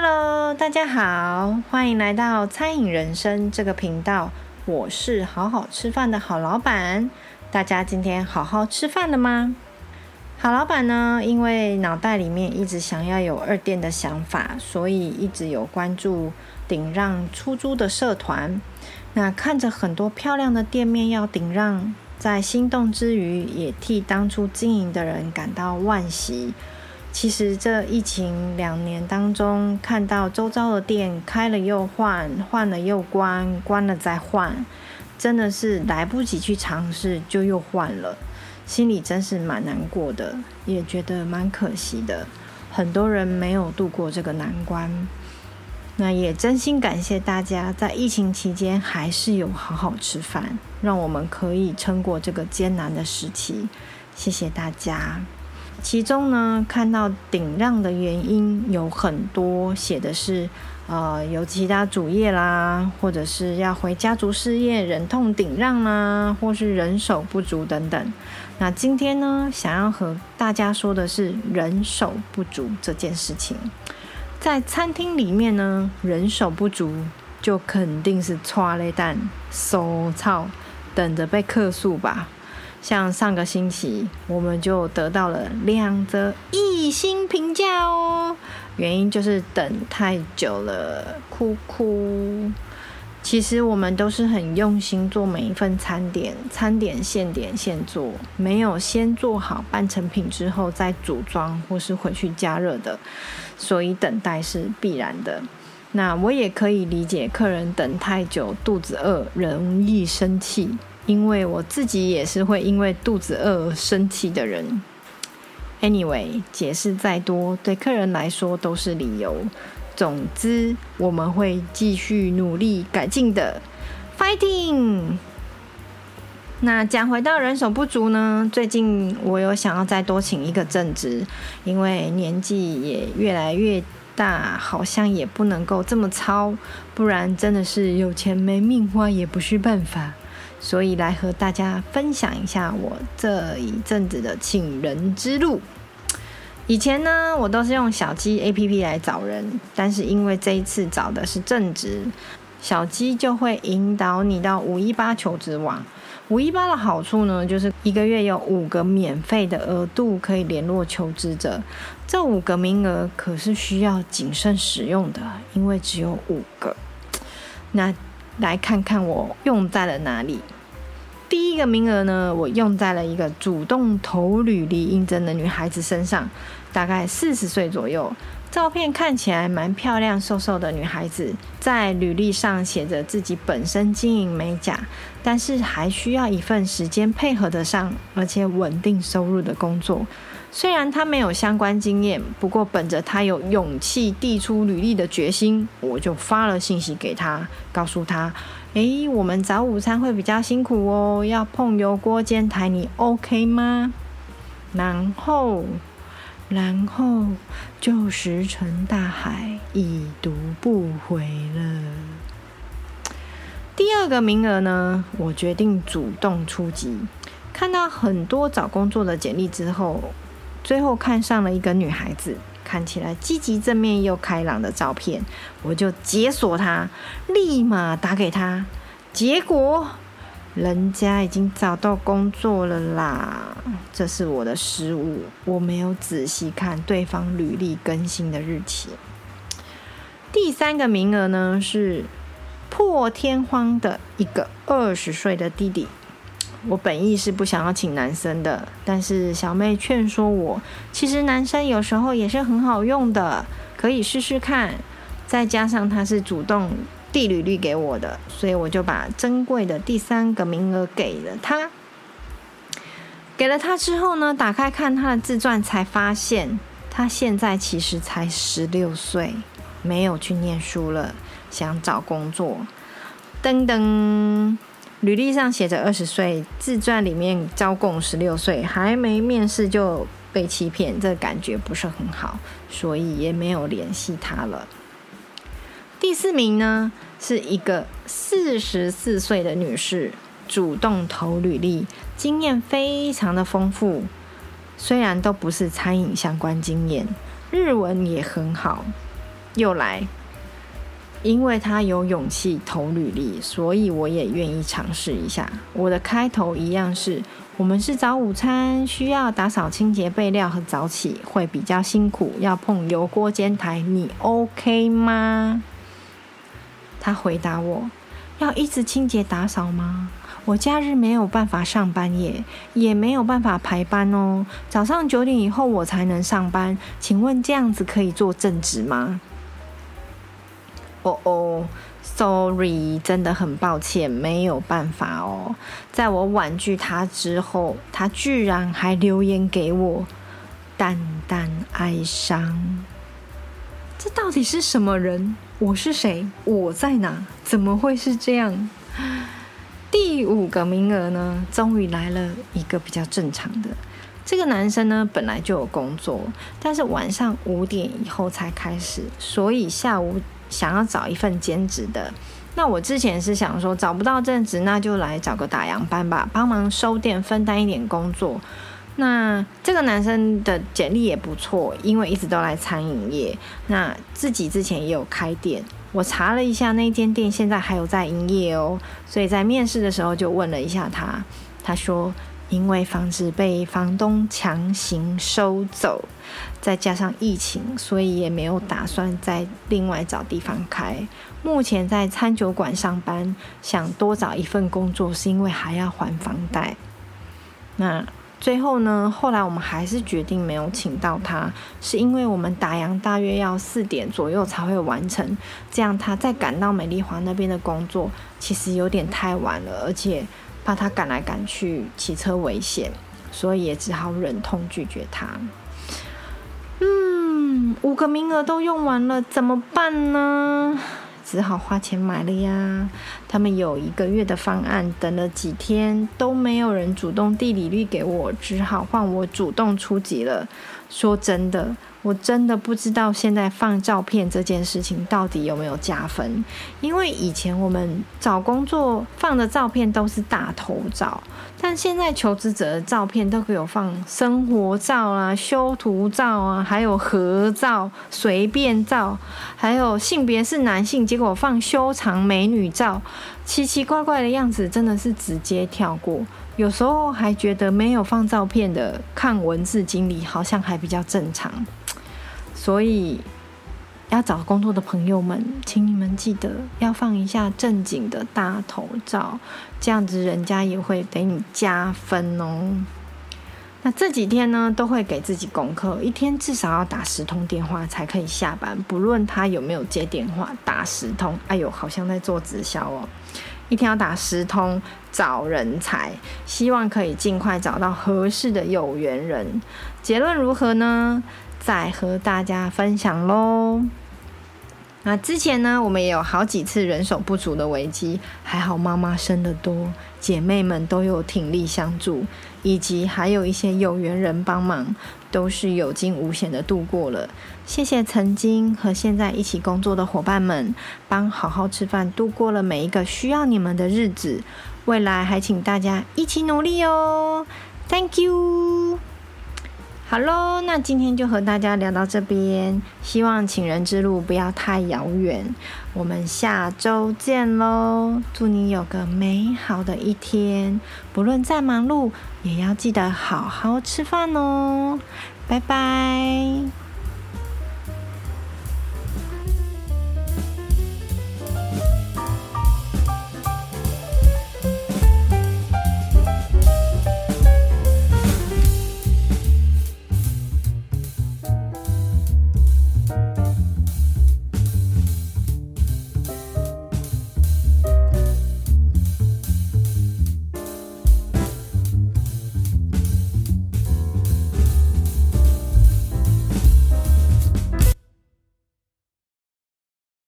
Hello，大家好，歡迎來到餐飲人生這個頻道。我是好好吃飯的好老闆。大家今天好好吃飯了嗎？好老闆呢，因為腦袋裡面一直想要有二店的想法，所以一直有關注頂讓出租的社團。那看着很多漂亮的店面要頂讓，在心動之餘，也替當初經營的人感到惋惜。其實這疫情兩年當中，看到周遭的店開了又換，換了又關，關了再換，真的是來不及去嘗試就又換了，心裡真是蠻難過的，也覺得蠻可惜的。很多人沒有度過這個難關，那也真心感謝大家在疫情期間還是有好好吃飯，讓我們可以撐過這個艱難的時期。謝謝大家。其中呢，看到頂讓的原因有很多，寫的是，呃，有其他主業啦，或者是要回家族事業，忍痛頂讓啦，或是人手不足等等。那今天呢，想要和大家說的是人手不足這件事情，在餐廳裡面呢，人手不足就肯定是搓淚蛋、收操，等着被客訴吧。像上個星期，我們就得到了兩則一星評價哦，原因就是等太久了，哭哭。其實我們都是很用心做每一份餐點，餐點現點現做，沒有先做好半成品之後再組裝或是回去加熱的，所以等待是必然的。那我也可以理解客人等太久，肚子餓，容易生氣。因為我自己也是會因為肚子餓而生氣的人。Anyway，解釋再多對客人來說都是理由。總之，我們會繼續努力改進的，fighting。那講回到人手不足呢？最近我有想要再多請一個正職，因為年紀也越來越大，好像也不能夠這麼操，不然真的是有錢沒命花也不是辦法。所以來和大家分享一下我這一陣子的請人之路。以前呢，我都是用小雞 APP 來找人，但是因為這一次找的是正職，小雞就會引導你到五一八求職網。五一八的好處呢，就是一個月有五個免費的額度可以聯絡求職者，這五個名額可是需要謹慎使用的，因為只有五個。那。來看看我用在了哪裡。第一個名額呢，我用在了一個主動投履歷應徵的女孩子身上，大概四十歲左右，照片看起來蠻漂亮，瘦瘦的女孩子，在履歷上寫着自己本身經營美甲，但是還需要一份時間配合得上而且穩定收入的工作。雖然他沒有相關經驗，不過本着他有勇氣遞出履歷的決心，我就發了信息給他，告訴他：“誒，我們早午餐會比較辛苦哦，要碰油鍋煎台，你 OK 嗎？”然後，然後就石沉大海，已讀不回了。第二個名額呢，我決定主動出擊。看到很多找工作的簡歷之後。最後看上了一個女孩子，看起來積極正面又開朗的照片，我就解鎖她，立馬打給她。結果人家已經找到工作了啦，這是我的失誤，我沒有仔細看對方履歷更新的日期。第三個名額呢，是破天荒的一個二十歲的弟弟。我本意是不想要請男生的，但是小妹勸說我，其實男生有時候也是很好用的，可以試試看。再加上他是主動遞履歷給我的，所以我就把珍貴的第三個名額給了他。給了他之後呢，打開看他的自傳，才發現他現在其實才十六歲，沒有去念書了，想找工作。噔噔。履歷上寫着二十歲，自傳裡面招供十六歲，還沒面試就被欺騙，這感覺不是很好，所以也沒有聯繫他了。第四名呢，是一個四十四歲的女士，主動投履歷，經驗非常的豐富，雖然都不是餐飲相關經驗，日文也很好，又來。因為他有勇氣投履歷，所以我也願意嘗試一下。我的開頭一樣是：我們是早午餐，需要打掃清潔備料和早起，會比較辛苦，要碰油鍋煎台。你 OK 嗎？他回答我：要一直清潔打掃嗎？我假日沒有辦法上班耶，也沒有辦法排班哦。早上九點以後我才能上班，請問這樣子可以做正職嗎？哦，哦，sorry，真的很抱歉，沒有辦法哦。在我婉拒他之後，他居然還留言給我，淡淡哀傷。這到底是什麼人？我是誰？我在哪？怎麼會是這樣？第五個名額呢？終於來了一個比較正常的。這個男生呢，本來就有工作，但是晚上五點以後才開始，所以下午。想要找一份兼職的，那我之前是想說找不到正職，那就來找個打烊班吧，幫忙收店，分擔一點工作。那這個男生的簡歷也不錯，因為一直都來餐飲業，那自己之前也有開店。我查了一下，那間店現在還有在營業哦，所以在面試的時候就問了一下他，他說，因為房子，被房東強行收走，再加上疫情，所以也沒有打算再另外找地方開。目前在餐酒館上班，想多找一份工作，是因為還要還房貸。那最後呢？後來我們還是決定沒有請到他，是因為我們打烊大約要四點左右才會完成，這樣他再趕到美麗華那邊的工作，其實有點太晚了，而且，怕他趕來趕去騎車危險，所以也只好忍痛拒絕他。嗯，五個名額都用完了，怎麼辦呢？只好花錢買了呀。他們有一個月的方案，等了幾天都沒有人主動遞履歷給我，只好換我主動出擊了。說真的，我真的不知道現在放照片這件事情到底有沒有加分，因為以前我們找工作放的照片都是大頭照，但現在求職者的照片都有放生活照啊、修圖照啊，還有合照、隨便照，還有性別是男性，結果放修長美女照。奇奇怪怪的樣子真的是直接跳過，有時候還覺得沒有放照片的看文字經歷好像還比較正常，所以要找工作的朋友們，請你們記得要放一下正經的大頭照，這樣子人家也會給你加分哦。那這幾天呢，都會給自己功課，一天至少要打十通電話才可以下班，不論他有沒有接電話，打十通。哎呦，好像在做直銷哦、喔，一天要打十通找人才，希望可以盡快找到合適的有緣人。結論如何呢？再和大家分享嘍。那之前呢，我們也有好幾次人手不足的危機，還好媽媽生得多，姐妹們都有鼎力相助，以及還有一些有緣人幫忙，都是有驚無險地度過了。謝謝曾經和現在一起工作的夥伴們，幫好好吃飯度過了每一個需要你們的日子。未來還請大家一起努力哦，Thank you。好嘍，那今天就和大家聊到這邊，希望請人之路不要太遙遠。我們下週見嘍！祝你有個美好的一天，不論再忙碌，也要記得好好吃飯哦。拜拜。